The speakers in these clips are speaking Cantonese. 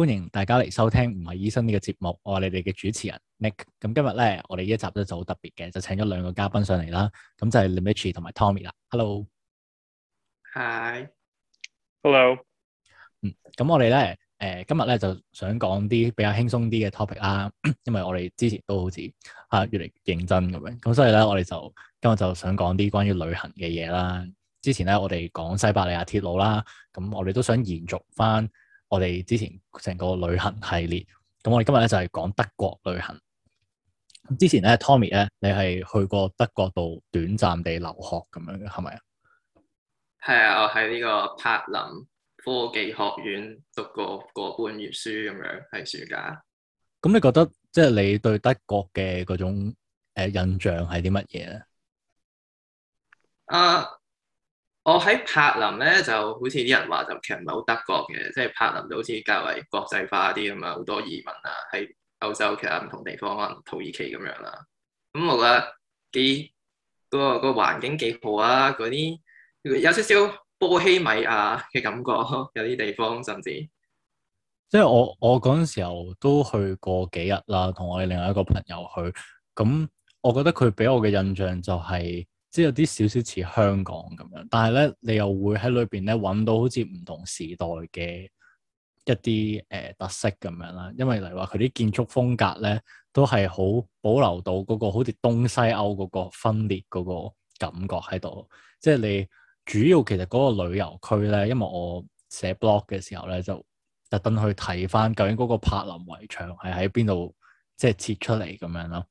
歡迎大家嚟收聽唔係醫生呢個節目，我係你哋嘅主持人 Nick。咁今日咧，我哋呢一集咧就好特別嘅，就請咗兩個嘉賓上嚟啦。咁就係 Limici 同埋 Tommy 啦。Hello，Hi，Hello。Hi. Hello. 嗯，咁我哋咧，誒、呃，今日咧就想講啲比較輕鬆啲嘅 topic 啦，因為我哋之前都好似吓越嚟越認真咁樣，咁所以咧我哋就今日就想講啲關於旅行嘅嘢啦。之前咧我哋講西伯利亞鐵路啦，咁我哋都想延續翻。我哋之前成個旅行系列，咁我哋今日咧就係講德國旅行。之前咧，Tommy 咧，你係去過德國度短暫地留學咁樣嘅，係咪啊？係啊，我喺呢個柏林科技學院讀過個半月書咁樣，係暑假。咁你覺得即係、就是、你對德國嘅嗰種誒、呃、印象係啲乜嘢咧？啊、uh！我喺柏林咧，就好似啲人話就其實唔係好德國嘅，即係柏林就好似較為國際化啲咁啊，好多移民啊，喺歐洲其他唔同地方啊，可能土耳其咁樣啦、啊。咁我覺得幾嗰個個環境幾好啊，嗰啲有少少波希米亞嘅感覺，有啲地方甚至即。即係我我嗰陣時候都去過幾日啦，同我哋另外一個朋友去，咁我覺得佢俾我嘅印象就係、是。即係有啲少少似香港咁樣，但係咧你又會喺裏邊咧搵到好似唔同時代嘅一啲誒、呃、特色咁樣啦。因為例如話佢啲建築風格咧，都係好保留到嗰，那個好似東西歐嗰個分裂嗰個感覺喺度。即係你主要其實嗰個旅遊區咧，因為我寫 blog 嘅時候咧，就特登去睇翻究竟嗰個柏林圍牆係喺邊度，即係切出嚟咁樣咯。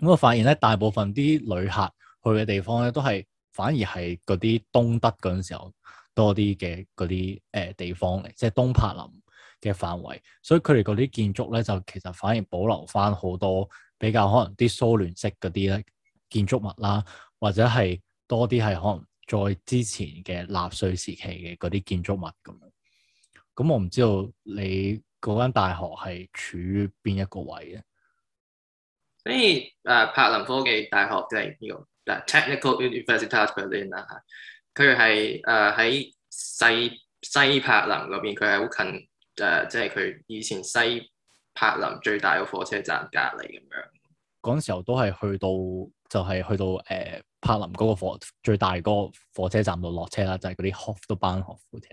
咁我發現咧，大部分啲旅客。去嘅地方咧，都係反而係嗰啲東德嗰陣時候多啲嘅嗰啲誒地方嚟，即係東柏林嘅範圍，所以佢哋嗰啲建築咧，就其實反而保留翻好多比較可能啲蘇聯式嗰啲咧建築物啦，或者係多啲係可能再之前嘅納粹時期嘅嗰啲建築物咁樣。咁我唔知道你嗰間大學係處於邊一個位嘅？所以誒，柏林科技大學就係呢個。Technical University of Berlin 啦嚇，佢係誒喺西西柏林嗰邊，佢係好近誒、呃，即係佢以前西柏林最大個火車站隔離咁樣。嗰陣時候都係去到，就係、是、去到誒、呃、柏林嗰個火最大嗰個火車站度落車啦，就係嗰啲 Hof 都 Bahnhof 火車。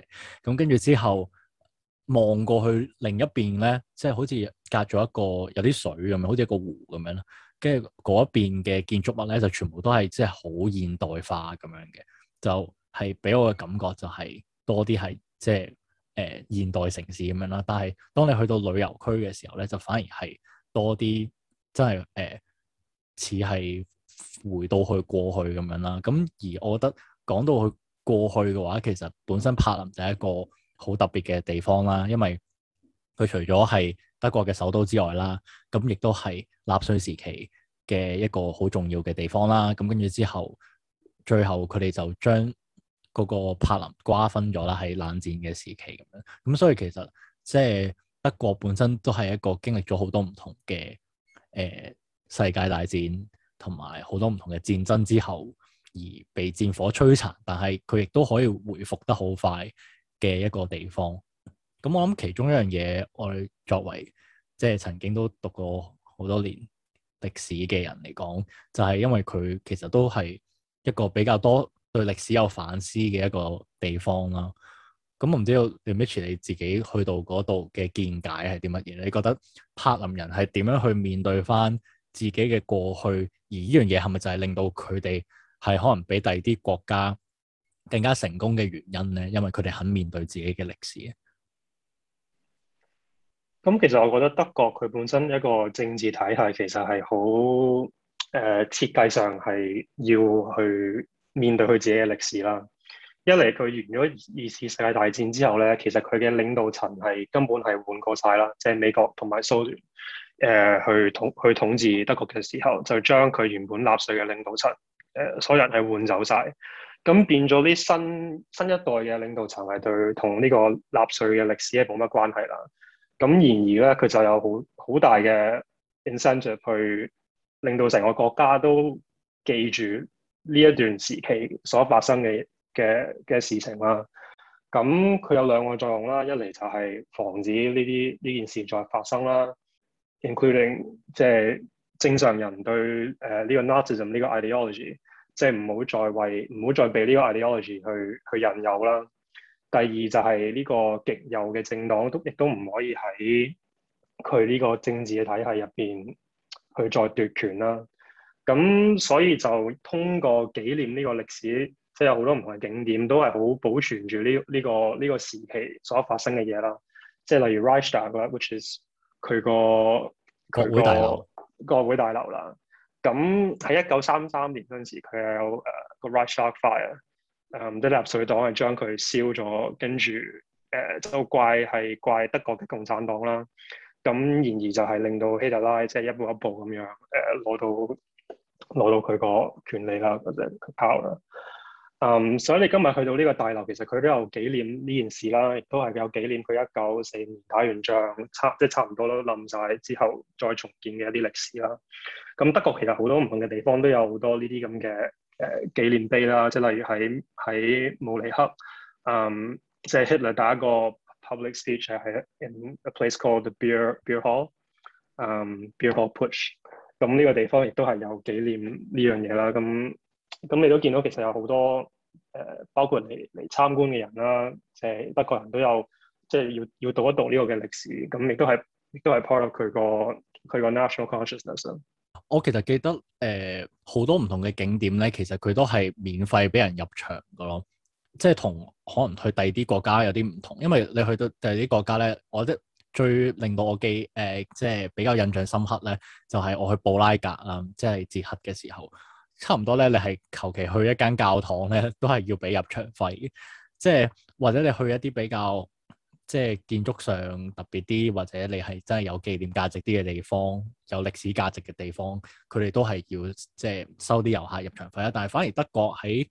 咁跟住之後。望過去另一邊咧，即係好似隔咗一個有啲水咁樣，好似一個湖咁樣啦。跟住嗰一邊嘅建築物咧，就全部都係即係好現代化咁樣嘅，就係、是、俾我嘅感覺就係、是、多啲係即係誒、呃、現代城市咁樣啦。但係當你去到旅遊區嘅時候咧，就反而係多啲真係誒、呃、似係回到去過去咁樣啦。咁而我覺得講到去過去嘅話，其實本身柏林就係一個。好特別嘅地方啦，因為佢除咗係德國嘅首都之外啦，咁亦都係納粹時期嘅一個好重要嘅地方啦。咁跟住之後，最後佢哋就將嗰個柏林瓜分咗啦，喺冷戰嘅時期咁樣。咁、嗯、所以其實即係德國本身都係一個經歷咗好多唔同嘅誒、呃、世界大戰同埋好多唔同嘅戰爭之後，而被戰火摧殘，但係佢亦都可以回復得好快。嘅一個地方，咁我諗其中一樣嘢，我作為即係曾經都讀過好多年歷史嘅人嚟講，就係因為佢其實都係一個比較多對歷史有反思嘅一個地方啦。咁我唔知道，maybe 你，你自己去到嗰度嘅見解係啲乜嘢？你覺得柏林人係點樣去面對翻自己嘅過去？而呢樣嘢係咪就係令到佢哋係可能比第二啲國家更加成功嘅原因咧，因為佢哋肯面對自己嘅歷史。咁其實我覺得德國佢本身一個政治體系，其實係好誒設計上係要去面對佢自己嘅歷史啦。一嚟佢完咗二次世界大戰之後咧，其實佢嘅領導層係根本係換過晒啦，即係美國同埋蘇聯誒去統去統治德國嘅時候，就將佢原本納粹嘅領導層誒、呃、所有人係換走晒。咁變咗啲新新一代嘅領導層係對同呢個納粹嘅歷史係冇乜關係啦。咁然而咧，佢就有好好大嘅 incentive 去令到成個國家都記住呢一段時期所發生嘅嘅嘅事情啦。咁佢有兩個作用啦，一嚟就係防止呢啲呢件事再發生啦，including 即係正常人對誒呢個 Nazism 呢個 ideology。即係唔好再為唔好再被呢個 ideology 去去引誘啦。第二就係呢個極右嘅政黨都亦都唔可以喺佢呢個政治嘅體系入邊去再奪權啦。咁所以就通過紀念呢個歷史，即係有好多唔同嘅景點都係好保存住呢呢個呢個時期所發生嘅嘢啦。即係例如 Reichstag 啦，which is 佢個佢個國會大樓啦。咁喺一九三三年嗰陣時，佢係有誒個 Reichstag fire，誒、um, 啲納粹黨係將佢燒咗，跟住誒就怪係怪德國嘅共產黨啦。咁然而就係令到希特拉即係一步一步咁樣誒攞、uh, 到攞到佢個權力啦，嗰隻 power 啦。嗯，所以、um, so、你今日去到呢個大樓，其實佢都有紀念呢件事啦，亦都係有紀念佢一九四五年打完仗，差即係差唔多都冧晒之後再重建嘅一啲歷史啦。咁、嗯、德國其實好多唔同嘅地方都有好多呢啲咁嘅誒紀念碑啦，即係例如喺喺慕尼黑、嗯就是，Hitler 打一個 public speech 係 in a place called the beer beer hall，嗯，beer hall push，咁、嗯、呢、這個地方亦都係有紀念呢樣嘢啦。咁、嗯、咁你都見到其實有好多。誒，包括嚟嚟參觀嘅人啦，即係德國人都有，即係要要讀一讀呢個嘅歷史，咁亦都係亦都係 part of 佢個佢個 national consciousness。我其實記得誒，好、呃、多唔同嘅景點咧，其實佢都係免費俾人入場噶咯，即係同可能去第二啲國家有啲唔同，因為你去到第二啲國家咧，我覺得最令到我記誒、呃，即係比較印象深刻咧，就係、是、我去布拉格啊，即係捷克嘅時候。差唔多咧，你係求其去一間教堂咧，都係要俾入場費。即係或者你去一啲比較即係建築上特別啲，或者你係真係有紀念價值啲嘅地方，有歷史價值嘅地方，佢哋都係要即係收啲遊客入場費啊。但係反而德國喺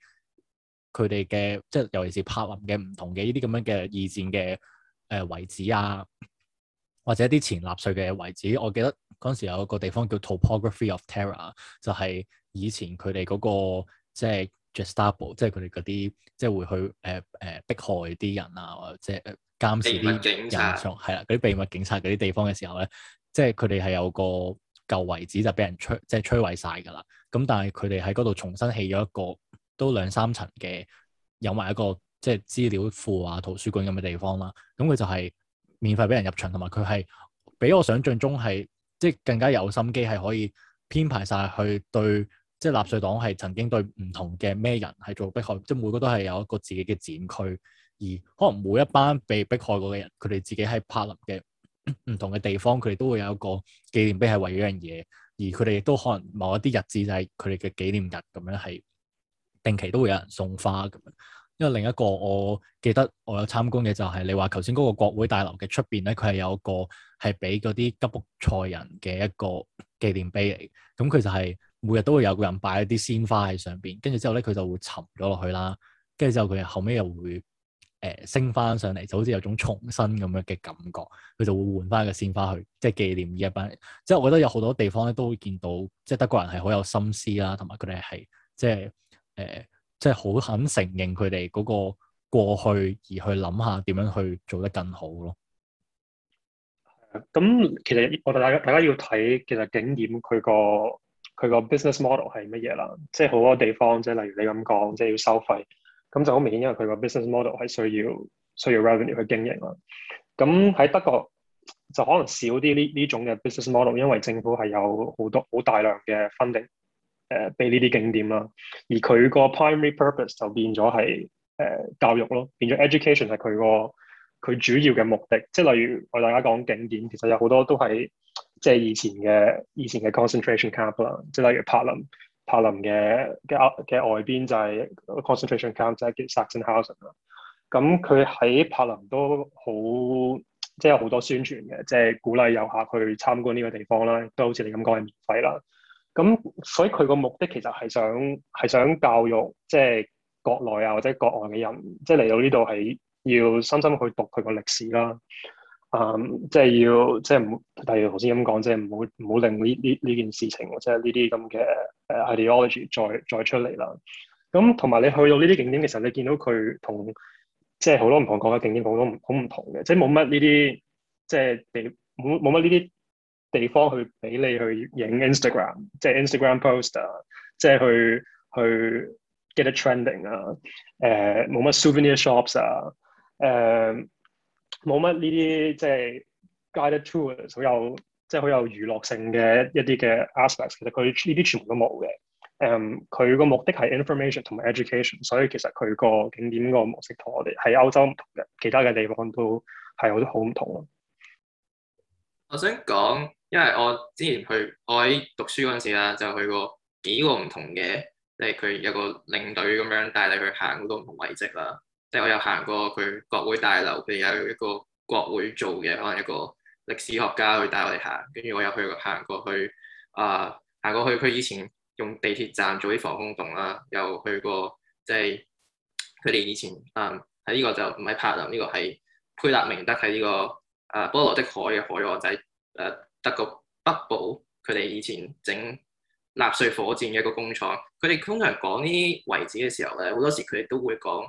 佢哋嘅即係尤其是柏林嘅唔同嘅呢啲咁樣嘅二戰嘅誒遺址啊，或者啲前納粹嘅遺址，我記得嗰陣時有個地方叫 Topography of Terror，就係、是。以前佢哋嗰個即係 Just stable，即係佢哋嗰啲即係會去誒誒、呃呃、迫害啲人啊，或者監視啲人，係啦，嗰啲秘密警察嗰啲地方嘅時候咧，即係佢哋係有個舊遺址就俾人摧即係摧毀晒㗎啦。咁但係佢哋喺嗰度重新起咗一個都兩三層嘅，有埋一個即係資料庫啊、圖書館咁嘅地方啦。咁佢就係免費俾人入場，同埋佢係比我想象中係即係更加有心機，係可以編排晒去對。即係納粹黨係曾經對唔同嘅咩人係做迫害，即係每個都係有一個自己嘅展區。而可能每一班被迫害過嘅人，佢哋自己係柏林嘅唔同嘅地方，佢哋都會有一個紀念碑係為一,一樣嘢。而佢哋亦都可能某一啲日子就係佢哋嘅紀念日咁樣，係定期都會有人送花咁樣。因為另一個我記得我有參觀嘅就係、是、你話頭先嗰個國會大樓嘅出邊咧，佢係有一個係俾嗰啲吉卜賽人嘅一個紀念碑嚟。咁佢就係、是。每日都會有個人擺一啲鮮花喺上邊，跟住之後咧，佢就會沉咗落去啦。跟住之後，佢後尾又會誒、呃、升翻上嚟，就好似有種重生咁樣嘅感覺。佢就會換翻個鮮花去，即係紀念呢一班。即係我覺得有好多地方咧，都會見到，即係德國人係好有心思啦，同埋佢哋係即係誒，即係好、呃、肯承認佢哋嗰個過去，而去諗下點樣去做得更好咯。咁、嗯、其實我哋大家大家要睇，其實景點佢個。佢個 business model 係乜嘢啦？即係好多地方，即係例如你咁講，即係要收費，咁就好明顯，因為佢個 business model 係需要需要 revenue 去經營啦。咁喺德國就可能少啲呢呢種嘅 business model，因為政府係有好多好大量嘅 funding 誒俾呢啲景點啦。而佢個 primary purpose 就變咗係誒教育咯，變咗 education 係佢個佢主要嘅目的。即係例如我哋大家講景點，其實有好多都係。即係以前嘅以前嘅 concentration camp 啦，即係例如柏林，柏林嘅嘅嘅外邊就係 concentration camp，即係叫 Sachsenhausen 啦。咁佢喺柏林都好，即係有好多宣傳嘅，即係鼓勵遊客去參觀呢個地方啦。都好似你咁講係免費啦。咁所以佢個目的其實係想係想教育，即係國內啊或者國外嘅人，即係嚟到呢度係要深深去讀佢個歷史啦。Um, 即係要，即係唔好，例如頭先咁講，即係唔好唔好令呢呢呢件事情，即係呢啲咁嘅誒 ideology 再再出嚟啦。咁同埋你去到呢啲景點嘅時候，你見到佢同即係好多唔同國家景點好多好唔同嘅，即係冇乜呢啲即係地冇冇乜呢啲地方去俾你去影 Instagram，即係 Instagram post 啊，即係去去 get a trending 啊，誒、呃、冇乜 souvenir shops 啊，誒、呃。冇乜呢啲即係 guided tours 好有即係好有娛樂性嘅一啲嘅 aspects，其實佢呢啲全部都冇嘅。誒，佢個目的係 information 同埋 education，所以其實佢個景點個模式同我哋喺歐洲唔同嘅，其他嘅地方都係好多好唔同咯。我想講，因為我之前去我喺讀書嗰陣時啦，就去過幾個唔同嘅，即係佢有個領隊咁樣帶你去行嗰個唔同位置啦。即我有行過佢國會大樓，佢哋有一個國會做嘅，可能一個歷史學家去帶我哋行。跟住我有去過行過去，啊、呃，行過去佢以前用地鐵站做啲防空洞啦。又去過即係佢哋以前啊喺呢個就唔係柏林呢、這個係佩勒明德喺呢、這個啊、呃、波羅的海嘅海岸仔誒德國北部佢哋以前整納粹火箭嘅一個工廠。佢哋通常講呢啲位置嘅時候咧，好多時佢哋都會講。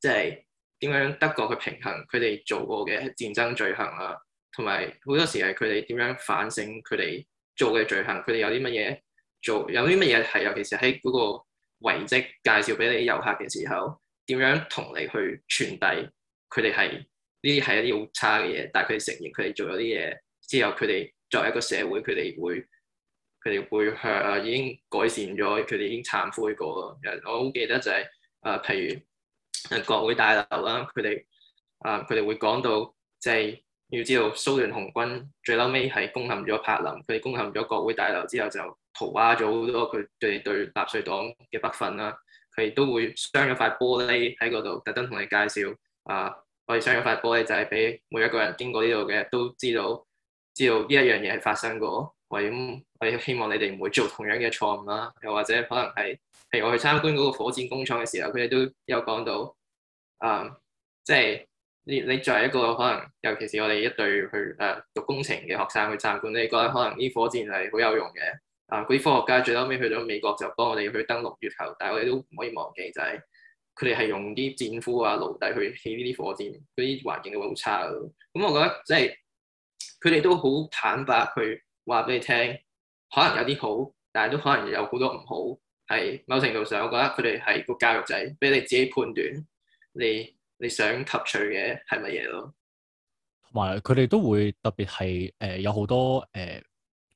即係點樣德國去平衡，佢哋做過嘅戰爭罪行啊，同埋好多時係佢哋點樣反省佢哋做嘅罪行，佢哋有啲乜嘢做，有啲乜嘢係尤其是喺嗰個遺跡介紹俾你遊客嘅時候，點樣同你去傳遞佢哋係呢啲係一啲好差嘅嘢，但係佢哋承認佢哋做咗啲嘢之後，佢哋作為一個社會，佢哋會佢哋會向啊，已經改善咗，佢哋已經懺悔過咯。我好記得就係、是、誒、呃，譬如。誒，國會大樓啦，佢哋啊，佢哋會講到，即係要知道蘇聯紅軍最嬲尾係攻陷咗柏林，佢哋攻陷咗國會大樓之後就塗鴉咗好多佢哋對納粹黨嘅不忿啦。佢亦都會鑲咗塊玻璃喺嗰度，特登同你介紹啊，我哋鑲咗塊玻璃就係俾每一個人經過呢度嘅都知道，知道呢一樣嘢係發生過。咁我哋希望你哋唔會做同樣嘅錯誤啦，又或者可能係。譬如我去參觀嗰個火箭工廠嘅時候，佢哋都有講到啊、嗯，即係你你作為一個可能，尤其是我哋一隊去誒、呃、讀工程嘅學生去參觀，你覺得可能呢火箭係好有用嘅啊。嗰、嗯、啲科學家最後尾去到美國就幫我哋去登陸月球，但係我哋都唔可以忘記就係佢哋係用啲戰俘啊奴隸去起呢啲火箭，嗰啲環境都會好差咁、嗯、我覺得即係佢哋都好坦白，去話俾你聽，可能有啲好，但係都可能有好多唔好。係某程度上，我覺得佢哋係個教育仔，俾你自己判斷你，你你想吸取嘅係乜嘢咯。同埋佢哋都會特別係誒、呃、有好多誒，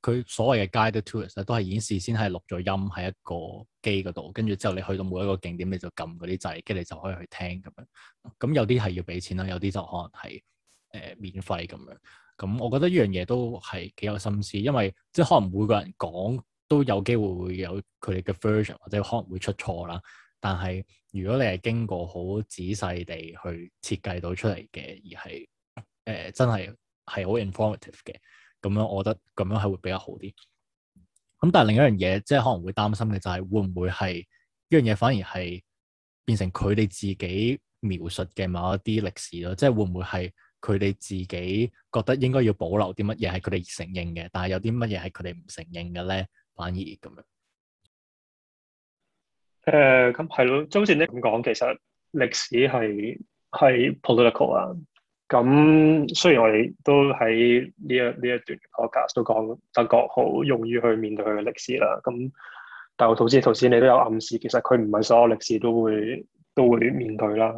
佢、呃、所謂嘅 guided tour 咧，都係演示先係錄咗音喺一個機嗰度，跟住之後你去到每一個景點，你就撳嗰啲掣，跟住你就可以去聽咁樣。咁有啲係要俾錢啦，有啲就可能係誒、呃、免費咁樣。咁我覺得呢樣嘢都係幾有心思，因為即係可能每個人講。都有機會會有佢哋嘅 version，或者可能會出錯啦。但係如果你係經過好仔細地去設計到出嚟嘅，而係誒、呃、真係係好 informative 嘅，咁樣我覺得咁樣係會比較好啲。咁、嗯、但係另一樣嘢，即係可能會擔心嘅就係會唔會係呢樣嘢反而係變成佢哋自己描述嘅某一啲歷史咯？即係會唔會係佢哋自己覺得應該要保留啲乜嘢係佢哋承認嘅，但係有啲乜嘢係佢哋唔承認嘅咧？反而咁樣？誒，咁係咯，即好似你咁講，其實歷史係係 political 啊。咁雖然我哋都喺呢一呢一段嘅 podcast 都講德國好容易去面對佢嘅歷史啦。咁但我都知頭先，你都有暗示，其實佢唔係所有歷史都會都會面對啦。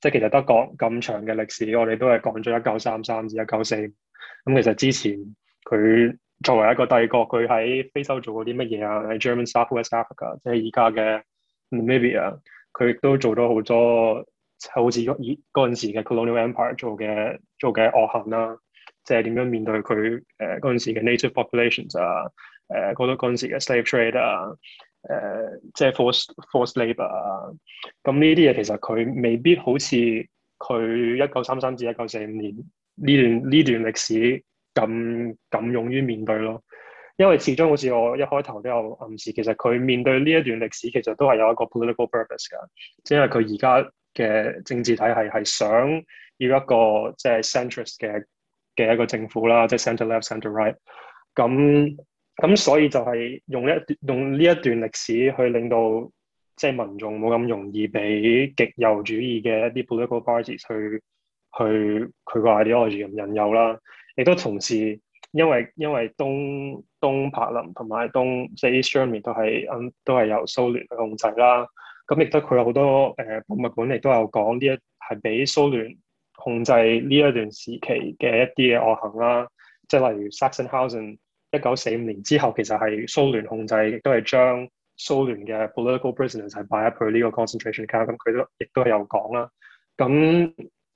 即係其實德國咁長嘅歷史，我哋都係講咗一九三三至一九四。咁其實之前佢。作為一個帝國，佢喺非洲做過啲乜嘢啊？喺、就是、German South West Africa，即係而家嘅 Namibia，佢亦都做咗好多，好似嗰嗰陣時嘅 colonial empire 做嘅做嘅惡行啦。即係點樣面對佢誒嗰陣時嘅 native populations、呃 trade，呃、ors, labor，啊？誒，嗰度嗰陣時嘅 slave trade 啊？誒，即係 force force labor 啊？咁呢啲嘢其實佢未必好似佢一九三三至一九四五年呢段呢段歷史，咁咁勇於面對咯，因為始終好似我一開頭都有暗示，其實佢面對呢一段歷史，其實都係有一個 political purpose 㗎。因為佢而家嘅政治體系係想要一個即係 centrist 嘅嘅一個政府啦，即係 center left center right。咁咁所以就係用一用呢一段歷史去令到即係民眾冇咁容易俾極右主義嘅一啲 political parties 去去佢個 ideology 咁引誘啦。亦都同時，因為因為東東柏林同埋東 East Germany 都係都係由蘇聯，去都、呃、都蘇聯控制啦。咁亦都佢有好多誒博物館，亦都有講呢一係俾蘇聯控制呢一段時期嘅一啲嘅惡行啦。即係例如 Sachsenhausen，一九四五年之後其實係蘇聯控制，亦都係將蘇聯嘅 political prisoners 係擺入去呢個 concentration camp。咁佢都亦都係有講啦。咁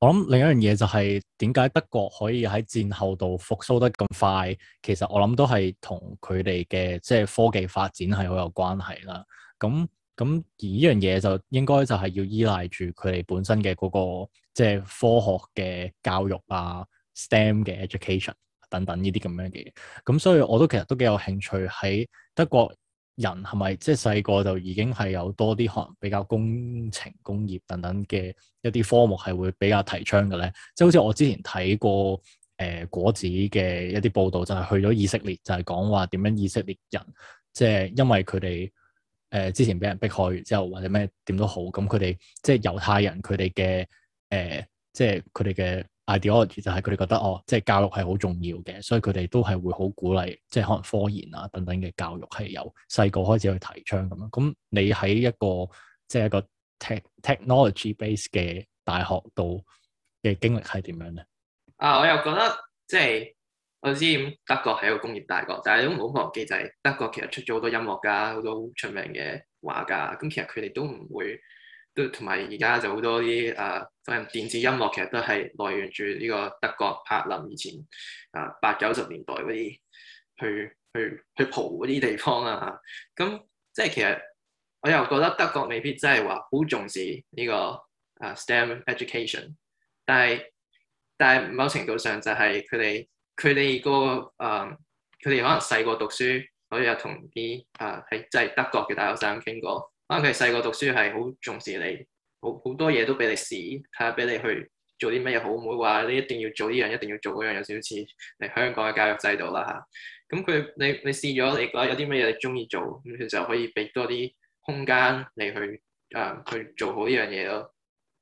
我諗另一樣嘢，就係點解德國可以喺戰後度復甦得咁快，其實我諗都係同佢哋嘅，即係科技發展係好有關係啦。咁咁而呢樣嘢，就應該就係要依賴住佢哋本身嘅嗰個即係科學嘅教育啊，STEM 嘅 education 等等呢啲咁樣嘅嘢。咁所以我都其實都幾有興趣喺德國。人係咪即係細個就是、已經係有多啲可能比較工程、工業等等嘅一啲科目係會比較提倡嘅咧？即、就、係、是、好似我之前睇過誒、呃、果子嘅一啲報導，就係、是、去咗以色列，就係、是、講話點樣以色列人，即、就、係、是、因為佢哋誒之前俾人迫害之後或者咩點都好，咁佢哋即係猶太人佢哋嘅誒，即係佢哋嘅。呃，就是 Ideology 就係佢哋覺得哦，即係教育係好重要嘅，所以佢哋都係會好鼓勵，即係可能科研啊等等嘅教育係由細個開始去提倡咁樣。咁你喺一個即係一個 technology base 嘅大學度嘅經歷係點樣咧？啊，我又覺得即係我知德國係一個工業大國，但係都唔好忘記就係德國其實出咗好多音樂家，好多好出名嘅畫家，咁其實佢哋都唔會。都同埋而家就好多啲誒，反、啊、正電子音樂其實都係來源住呢個德國柏林以前，誒、啊、八九十年代嗰啲去去去蒲嗰啲地方啊。咁即係其實我又覺得德國未必真係話好重視呢、這個誒、啊、STEM education，但係但係某程度上就係佢哋佢哋個誒佢哋可能細個讀書，我有同啲誒喺即係德國嘅大學生傾過。可能佢細個讀書係好重視你，好好多嘢都俾你試，睇下俾你去做啲乜嘢好，唔好話你一定要做呢樣，一定要做嗰樣，有少少似嚟香港嘅教育制度啦嚇。咁、啊、佢你你試咗，你覺得有啲乜嘢你中意做，咁佢就可以俾多啲空間你去誒、啊、去做好呢樣嘢咯。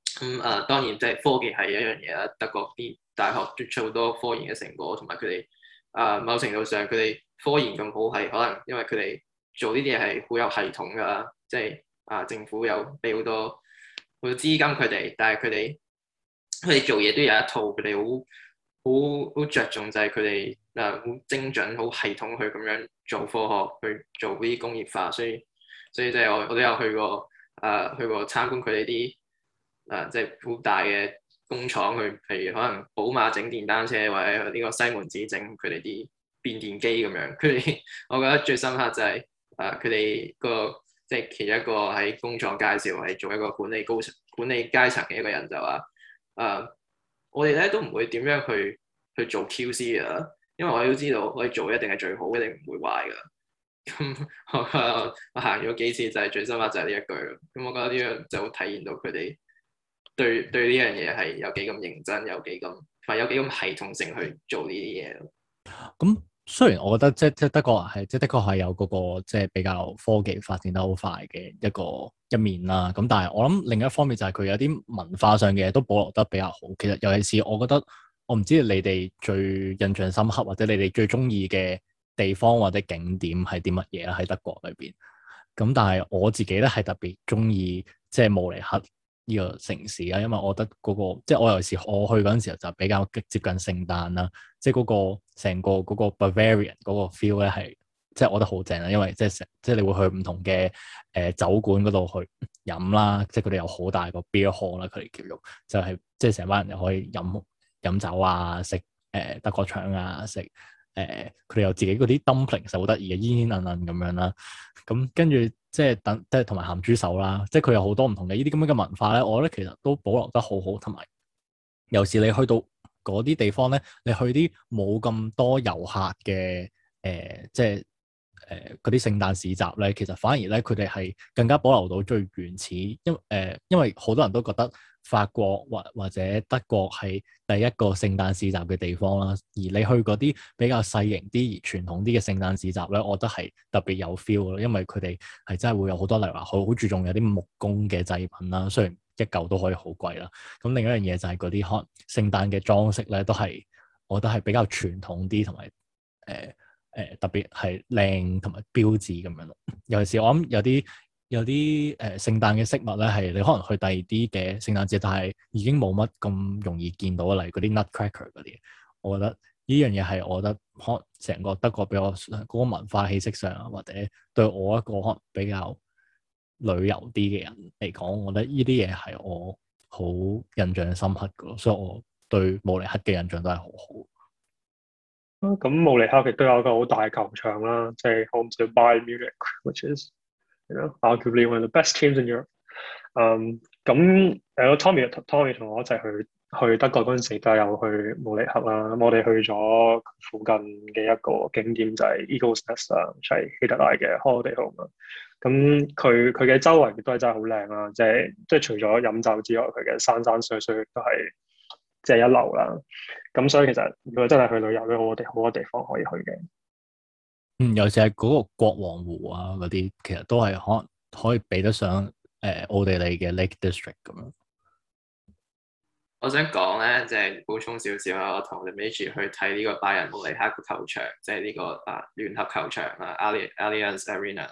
咁、嗯、誒、啊、當然即係科技係一樣嘢啦，德國啲大學出好多科研嘅成果，同埋佢哋誒某程度上佢哋科研咁好係可能因為佢哋做呢啲嘢係好有系統㗎。即係、就是、啊，政府有俾好多好多資金佢哋，但係佢哋佢哋做嘢都有一套，佢哋好好好著重就係佢哋啊好精準、好系統去咁樣做科學去做嗰啲工業化。所以所以即係我我都有去過啊，去過參觀佢哋啲啊即係好大嘅工廠去，譬如可能寶馬整電單車，或者呢個西門子整佢哋啲變電機咁樣。佢哋我覺得最深刻就係、是、啊佢哋個。即係其中一個喺工廠介紹，係做一個管理高層、管理階層嘅一個人就話：誒、呃，我哋咧都唔會點樣去去做 QC 啊，因為我都知道可以做一定係最好，一定唔會壞嘅。咁 我行咗幾次就係、是、最深刻就係呢一句。咁、嗯、我覺得呢樣就體現到佢哋對對呢樣嘢係有幾咁認真，有幾咁，或、呃、有幾咁系統性去做呢啲嘢咯。咁。雖然我覺得即即德國係即的確係有嗰個即比較科技發展得好快嘅一個一面啦，咁但係我諗另一方面就係佢有啲文化上嘅嘢都保留得比較好。其實尤其是我覺得，我唔知你哋最印象深刻或者你哋最中意嘅地方或者景點係啲乜嘢啦？喺德國裏邊，咁但係我自己咧係特別中意即係慕尼黑。呢個城市啊，因為我覺得嗰、那個，即係我有時我去嗰陣時候就比較接近聖誕啦，即係、那、嗰個成個嗰、那個 Bavarian 嗰個 feel 咧係，即係我覺得好正啦，因為即係成，即、就、係、是就是、你會去唔同嘅誒、呃、酒館嗰度去飲啦，即係佢哋有好大個 beer hall 啦，佢哋叫肉，就係即係成班人可以飲飲酒啊，食誒、呃、德國腸啊，食誒佢哋有自己嗰啲 dumpling，實好得意嘅，煙煙韌韌咁樣啦，咁跟住。即係等，即係同埋鹹豬手啦。即係佢有好多唔同嘅呢啲咁樣嘅文化咧。我覺得其實都保留得好好，同埋有時你去到嗰啲地方咧，你去啲冇咁多遊客嘅誒、呃，即係誒嗰啲聖誕市集咧，其實反而咧佢哋係更加保留到最原始。因誒、呃，因為好多人都覺得。法國或或者德國係第一個聖誕市集嘅地方啦，而你去嗰啲比較細型啲而傳統啲嘅聖誕市集咧，我覺得係特別有 feel 咯，因為佢哋係真係會有好多例如話佢好注重有啲木工嘅製品啦，雖然一嚿都可以好貴啦。咁另一樣嘢就係嗰啲可能聖誕嘅裝飾咧，都係我覺得係比較傳統啲同埋誒誒特別係靚同埋標誌咁樣咯。尤其是有陣時我諗有啲。有啲誒聖誕嘅飾物咧，係你可能去第二啲嘅聖誕節，但係已經冇乜咁容易見到。例如嗰啲 nutcracker 嗰啲，我覺得呢樣嘢係我覺得可能成個德國比較嗰個文化氣息上啊，或者對我一個可能比較旅遊啲嘅人嚟講，我覺得呢啲嘢係我好印象深刻嘅。所以我對慕尼黑嘅印象都係好好。咁慕尼黑亦都有一個好大球場啦，即係 Home Bayern，which is arguably one of the best teams in Europe，um，咁誒、uh，Tommy，Tommy 同我一齊去去德國嗰陣時，都係有去慕尼黑啦。咁我哋去咗附近嘅一個景點，就係 Eagle's Nest，啦，就係希特拉嘅 holiday home。咁佢佢嘅周圍亦都係真係好靚啦，即係即係除咗飲酒之外，佢嘅山山水水亦都係即係一流啦。咁所以其實如果真係去旅遊嘅，好多好多地方可以去嘅。嗯，尤其是係嗰個國王湖啊，嗰啲其實都係可能可以比得上誒奧地利嘅 Lake District 咁樣。我想講咧，即、就、係、是、補充少少啊，我同 Lemich 去睇呢個拜仁慕尼黑個球場，即係呢個啊聯合球場啊 Allianz Arena。誒、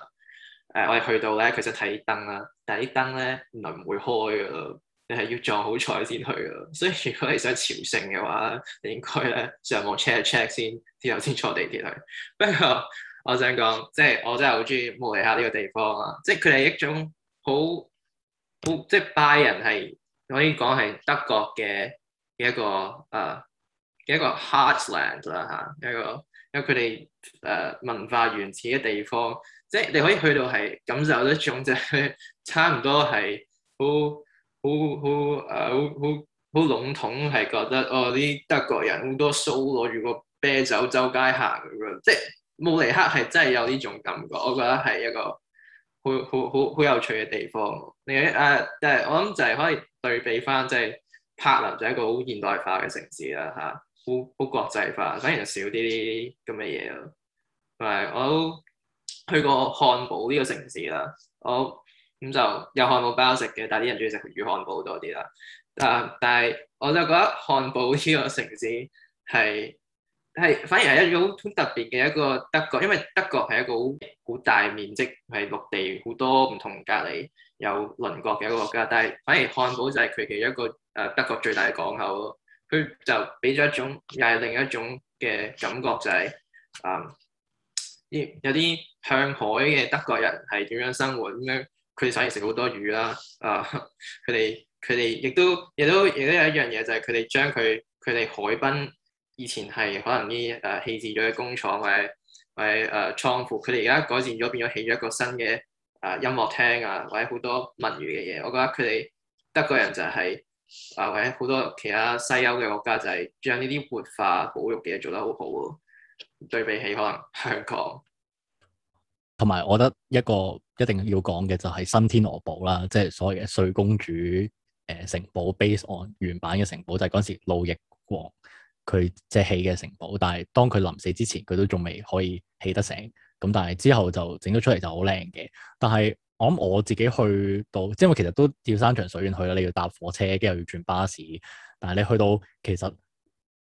呃，我哋去到咧，佢想睇燈啦，但係啲燈咧原來唔會開㗎。你係要撞好彩先去咯，所以如果你想朝聖嘅話，你應該咧上網 check 一 check 先，之後先坐地鐵去。不過我想講，即係我真係好中意慕尼黑呢個地方個啊！即係佢係一種好好，即係拜仁係可以講係德國嘅嘅一個誒嘅一個 heartland 啦、啊、嚇，一個因為佢哋誒文化原始嘅地方，即係你可以去到係感受一種即、就、係、是、差唔多係好。好好誒好好好籠統係覺得哦啲德國人好多須攞住個啤酒周街行咁樣，即係慕尼黑係真係有呢種感覺，我覺得係一個好好好好有趣嘅地方。誒但係我諗就係可以對比翻，即係柏林就係一個好現代化嘅城市啦嚇，好好國際化，反而少啲啲咁嘅嘢咯。同我都去過漢堡呢個城市啦，我。咁就有漢堡包食嘅，但係啲人中意食魚漢堡多啲啦。啊，但係我就覺得漢堡呢個城市係係反而係一種好特別嘅一個德國，因為德國係一個好好大面積，係陸地好多唔同隔籬有鄰國嘅一個國家。但係反而漢堡就係佢嘅一個誒德國最大嘅港口咯。佢就俾咗一種又係另一種嘅感覺，就係，就係啊，啲有啲向海嘅德國人係點樣生活咁樣。佢哋反而食好多魚啦，啊！佢哋佢哋亦都亦都亦都有一樣嘢就係佢哋將佢佢哋海濱以前係可能啲誒棄置咗嘅工廠或者或者誒、呃、倉庫，佢哋而家改善咗變咗起咗一個新嘅誒音樂廳啊，或者好多文娛嘅嘢。我覺得佢哋德國人就係、是、啊，或者好多其他西歐嘅國家就係將呢啲活化保育嘅嘢做得好好喎。對比起可能香港。同埋，我覺得一個一定要講嘅就係新天鵝堡啦，即係所謂嘅睡公主誒城堡 base on 原版嘅城堡，就係嗰時路易王佢即係起嘅城堡，但係當佢臨死之前，佢都仲未可以起得成，咁但係之後就整咗出嚟就好靚嘅。但係我諗我自己去到，即係其實都要山長水遠去啦，你要搭火車，跟住又要轉巴士，但係你去到其實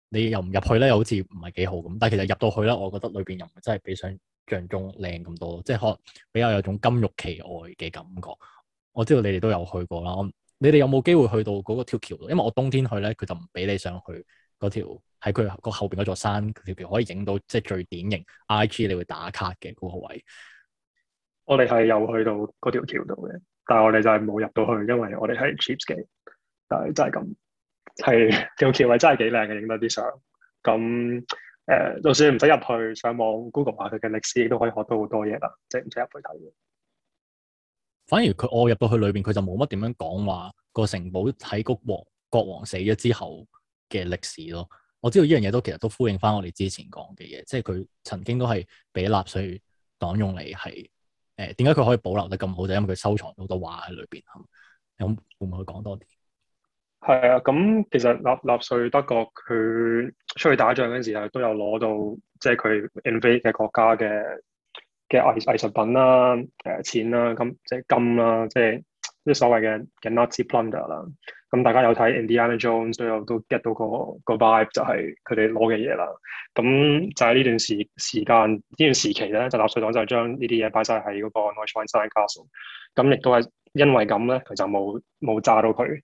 你又唔入去咧，又好似唔係幾好咁。但係其實入到去咧，我覺得裏邊又唔係真係比想。象中靚咁多，即係可能比較有種金玉其外嘅感覺。我知道你哋都有去過啦，我，你哋有冇機會去到嗰條橋度？因為我冬天去咧，佢就唔俾你上去嗰條喺佢個後邊嗰座山，條橋可以影到即係最典型 IG 你會打卡嘅嗰個位。我哋係有去到嗰條橋度嘅，但係我哋就係冇入到去，因為我哋係 cheap 嘅，但係真係咁。係條橋位真係幾靚嘅，影多啲相。咁。誒、呃，就算唔使入去上網 Google 下佢嘅歷史，都可以學到好多嘢啦。即係唔使入去睇嘅。反而佢我入到去裏邊，佢就冇乜點樣講話、個城堡喺個王國王死咗之後嘅歷史咯。我知道呢樣嘢都其實都呼應翻我哋之前講嘅嘢，即係佢曾經都係俾納粹黨用嚟係誒，點解佢可以保留得咁好就係、因為佢收藏好多畫喺裏邊。咁、嗯、會唔會講多啲？係啊，咁、嗯、其實納納粹德國佢出去打仗嗰陣時啊，都有攞到即係佢 invade 嘅國家嘅嘅藝藝術品啦、啊、誒錢啦、啊、金即係金啦、啊，即係啲所謂嘅嘅 Nazi plunder 啦。咁、嗯、大家有睇 Indiana Jones，最後都 get 到、那個個 vibe 就係佢哋攞嘅嘢啦。咁、嗯、就喺、是、呢段時時間呢段時期咧，就納粹黨就將呢啲嘢擺晒喺嗰個 Neuschwanstein Castle、嗯。咁亦都係因為咁咧，佢就冇冇炸到佢。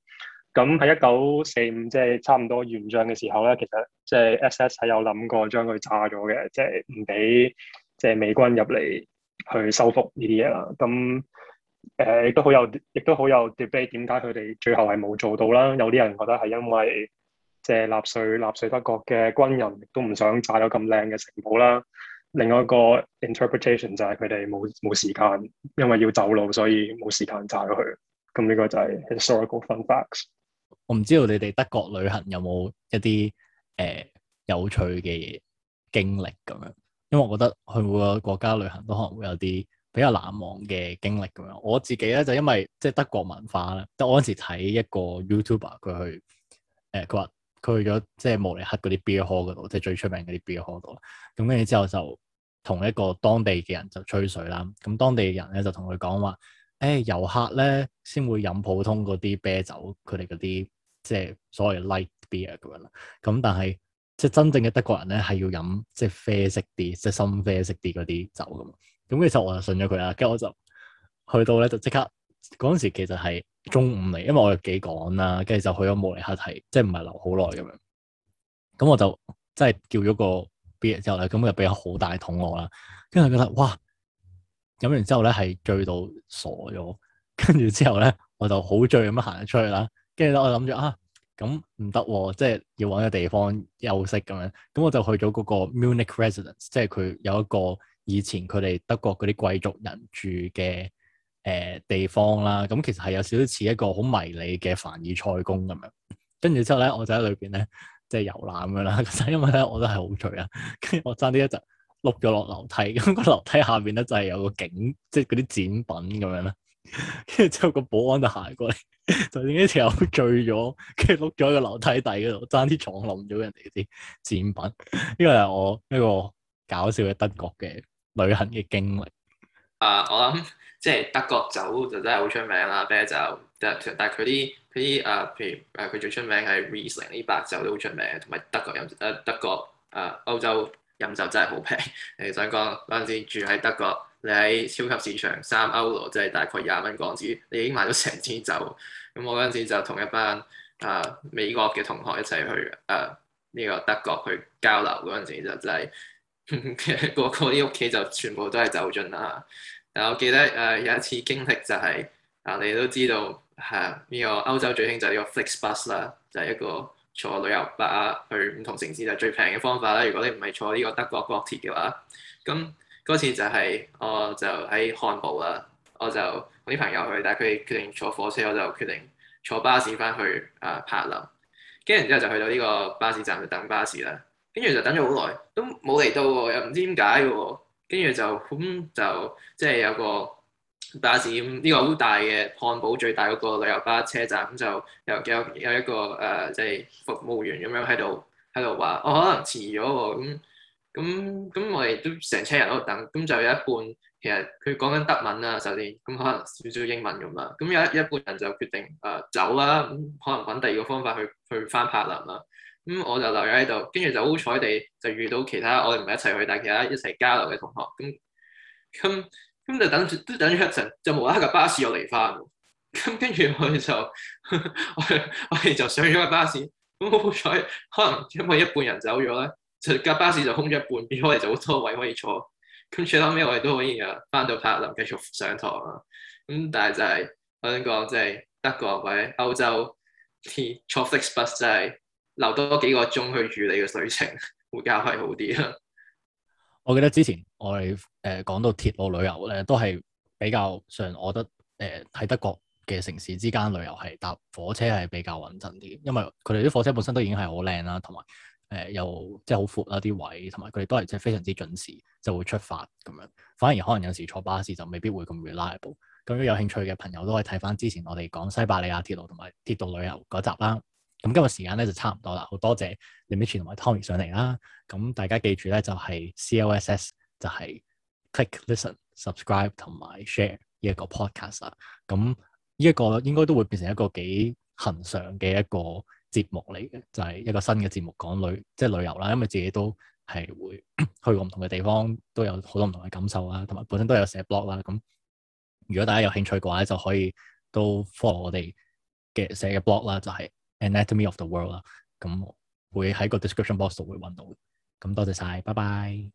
咁喺一九四五，45，即係差唔多完仗嘅時候咧，其實即係 SS 係有諗過將佢炸咗嘅，即係唔俾即係美軍入嚟去收復呢啲嘢啦。咁誒亦都好有，亦都好有 debate 點解佢哋最後係冇做到啦。有啲人覺得係因為即係納粹納粹德國嘅軍人亦都唔想炸到咁靚嘅城堡啦。另外一個 interpretation 就係佢哋冇冇時間，因為要走路，所以冇時間炸咗佢。咁呢個就係 historical fun facts。我唔知道你哋德國旅行有冇一啲誒、呃、有趣嘅嘢經歷咁樣，因為我覺得去每個國家旅行都可能會有啲比較難忘嘅經歷咁樣。我自己咧就因為即係、就是、德國文化咧、呃，即係我嗰時睇一個 YouTuber 佢去誒，佢話佢去咗即係慕尼黑嗰啲 Bierhall 嗰度，即係最出名嗰啲 Bierhall 度。咁跟住之後就同一個當地嘅人就吹水啦，咁當地嘅人咧就同佢講話。誒、哎、遊客咧，先會飲普通嗰啲啤酒，佢哋嗰啲即係所謂 light beer 咁樣啦。咁但係即係真正嘅德國人咧，係要飲即係啡色啲，即係深啡色啲嗰啲酒咁。咁其實我就信咗佢啦，跟住我就去到咧，就即刻嗰陣時其實係中午嚟，因為我又幾趕啦，跟住就去咗慕尼黑，係即係唔係留好耐咁樣。咁我就即係叫咗個 beer 之後咧，咁佢就俾咗好大桶我啦，跟住覺得哇！飲完之後咧，係醉到傻咗，跟住之後咧，我就好醉咁行咗出去啦。跟住咧，我諗住啊，咁唔得，即係要搵個地方休息咁樣。咁我就去咗嗰個 Munich Residence，即係佢有一個以前佢哋德國嗰啲貴族人住嘅誒、呃、地方啦。咁其實係有少少似一個好迷你嘅凡爾賽宮咁樣。跟住之後咧，我就喺裏邊咧，即係遊覽咁樣啦。但係因為咧，我都係好醉啊，跟住我爭啲一陣。碌咗落樓梯，咁個樓梯下面咧就係有個景，即係嗰啲展品咁樣啦。跟住之後個保安就行過嚟，就已經條友醉咗，跟住碌咗喺個樓梯底嗰度，爭啲撞冧咗人哋啲展品。呢、這個係我一個搞笑嘅德國嘅旅行嘅經歷。啊、呃，我諗即係德國酒就真係好出名啦，啤酒。但係佢啲佢啲啊，譬如誒，佢最出名係 Riesling 呢啲白酒都好出名，同埋德國有誒、呃、德國誒歐、呃、洲。飲酒真係好平，誒想講嗰陣時住喺德國，你喺超級市場三歐羅，即係大概廿蚊港紙，你已經買咗成支酒。咁我嗰陣時就同一班誒、啊、美國嘅同學一齊去誒呢個德國去交流嗰陣時，就真係嘅個個啲屋企就全部都係酒樽啦。但我記得誒有一次經歷就係啊，你都知道係呢個歐洲最興就呢個 flex bus 啦，就係一個。坐旅遊巴去唔同城市就最平嘅方法啦。如果你唔係坐呢個德國國鐵嘅話，咁嗰次就係我就喺漢堡啦，我就我啲朋友去，但係佢哋決定坐火車，我就決定坐巴士翻去啊柏林。跟住然之後就去到呢個巴士站度等巴士啦。跟住就等咗好耐，都冇嚟到喎，又唔知點解嘅喎。跟住就咁就即係、就係、有個。打展呢個好大嘅漢堡最大嗰個旅遊巴車站，咁就有有有一個誒，即係服務員咁樣，喺度喺度話我可能遲咗喎，咁咁咁我哋都成車人喺度等，咁就有一半，其實佢講緊德文啦，首先咁可能少少英文咁啦，咁有一一半人就決定誒、呃、走啦，咁可能揾第二個方法去去返柏林啦，咁我就留咗喺度，跟住就好彩地就遇到其他我哋唔係一齊去，但係其他一齊交流嘅同學咁咁。咁就等住，都等咗一陣，就無啦啦架巴士又嚟翻，咁跟住我哋就 我哋就上咗架巴士。咁好彩，可能因為一半人走咗咧，就架巴士就空咗一半，變咗我哋就好多位可以坐。咁最後尾我哋都可以啊，翻到柏林繼續上堂喇。咁但係就係、是、我想講，即、就、係、是、德國或者歐洲坐 FlixBus 就係、是、留多幾個鐘去處你嘅水情，會較係好啲啦。我記得之前。我哋誒講到鐵路旅遊咧，都係比較上，我覺得誒喺德國嘅城市之間旅遊係搭火車係比較穩陣啲，因為佢哋啲火車本身都已經係好靚啦，同埋誒又即係好闊啦啲位，同埋佢哋都係即係非常之準時就會出發咁樣。反而可能有時坐巴士就未必會咁 reliable。咁如果有興趣嘅朋友都可以睇翻之前我哋講西伯利亞鐵路同埋鐵道旅遊嗰集啦。咁今日時間咧就差唔多啦，好多謝 Lemich 同埋 Tommy 上嚟啦。咁大家記住咧，就係 C S S。就係 click listen、listen、subscribe 同埋 share 呢一個 podcast 啊，咁呢一個應該都會變成一個幾恆常嘅一個節目嚟嘅，就係、是、一個新嘅節目講旅即係旅遊啦，因為自己都係會 去過唔同嘅地方，都有好多唔同嘅感受啦，同埋本身都有寫 blog 啦。咁如果大家有興趣嘅話，就可以都 follow 我哋嘅寫嘅 blog 啦，就係、是、Anatomy of the World 啦。咁會喺個 description box 度會搵到。咁多謝晒，拜拜。